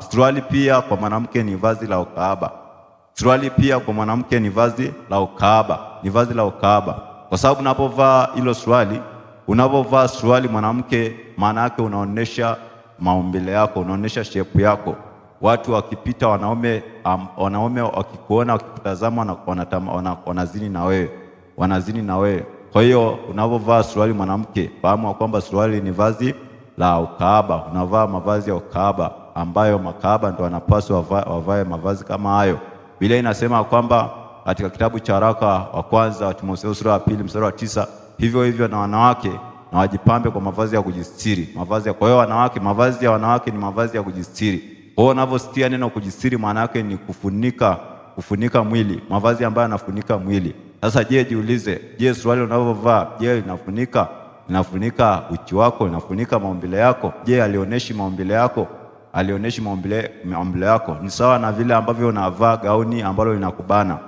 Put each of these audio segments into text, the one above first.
Suruali pia kwa mwanamke ni vazi la ukaaba Suruali pia kwa mwanamke ni vazi la ukaaba ni vazi la ukahaba kwa sababu unapovaa hilo suruali, unapovaa suruali mwanamke, maana yake unaonesha maumbile yako, unaonesha shepu yako. Watu wakipita, wanaume um, wanaume wakikuona, wakikutazama, wanazini na wewe, wanazini na wewe. Kwa hiyo unapovaa suruali mwanamke, fahamu kwamba suruali ni vazi la ukaaba unavaa mavazi ya ukaaba ambayo makahaba ndo wanapaswa wavae mavazi kama hayo. Biblia inasema kwamba katika kitabu cha waraka wa kwanza wa Timotheo sura ya pili mstari wa tisa hivyo hivyo na wanawake na wajipambe kwa mavazi ya kujistiri. Mavazi ya kwa hiyo wanawake, mavazi ya wanawake ni mavazi ya kujistiri. Kwa hiyo unavyosikia neno kujistiri, maana yake ni kufunika, kufunika mwili, mavazi ambayo yanafunika mwili. Sasa je, jiulize, je, suruali unavyovaa, je, inafunika inafunika uchi wako? Inafunika maumbile yako? Je, alioneshi maumbile yako? alionyeshi maumbile yako, ni sawa na vile ambavyo unavaa gauni ambalo linakubana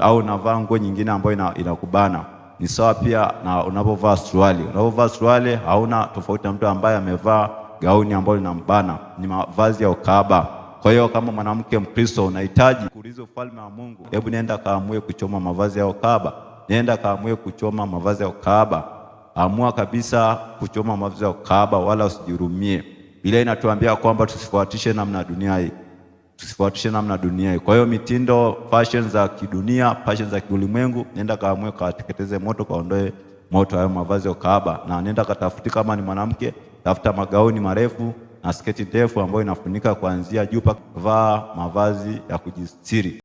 au unavaa nguo nyingine ambayo inakubana. Ni sawa pia na unapovaa suruali. Unapovaa suruali hauna tofauti na mtu ambaye amevaa gauni ambalo linambana, ni mavazi ya ukahaba. Kwa hiyo kama mwanamke Mkristo unahitaji kuuriza ufalme wa Mungu, hebu nenda kaamue kuchoma mavazi ya ukahaba, nenda kaamue kuchoma mavazi ya ukahaba. Amua kabisa kuchoma mavazi ya ukahaba, wala usijihurumie. Biblia inatuambia kwamba tusifuatishe namna dunia hii, tusifuatishe namna dunia hii. Kwa hiyo mitindo, fashion za kidunia, fashion za kiulimwengu, nenda kaamue, kateketeze moto, kaondoe moto hayo mavazi ya kaaba, na nenda katafuti, kama ni mwanamke, tafuta magauni marefu na sketi ndefu ambayo inafunika kuanzia juu mpaka, vaa mavazi ya kujistiri.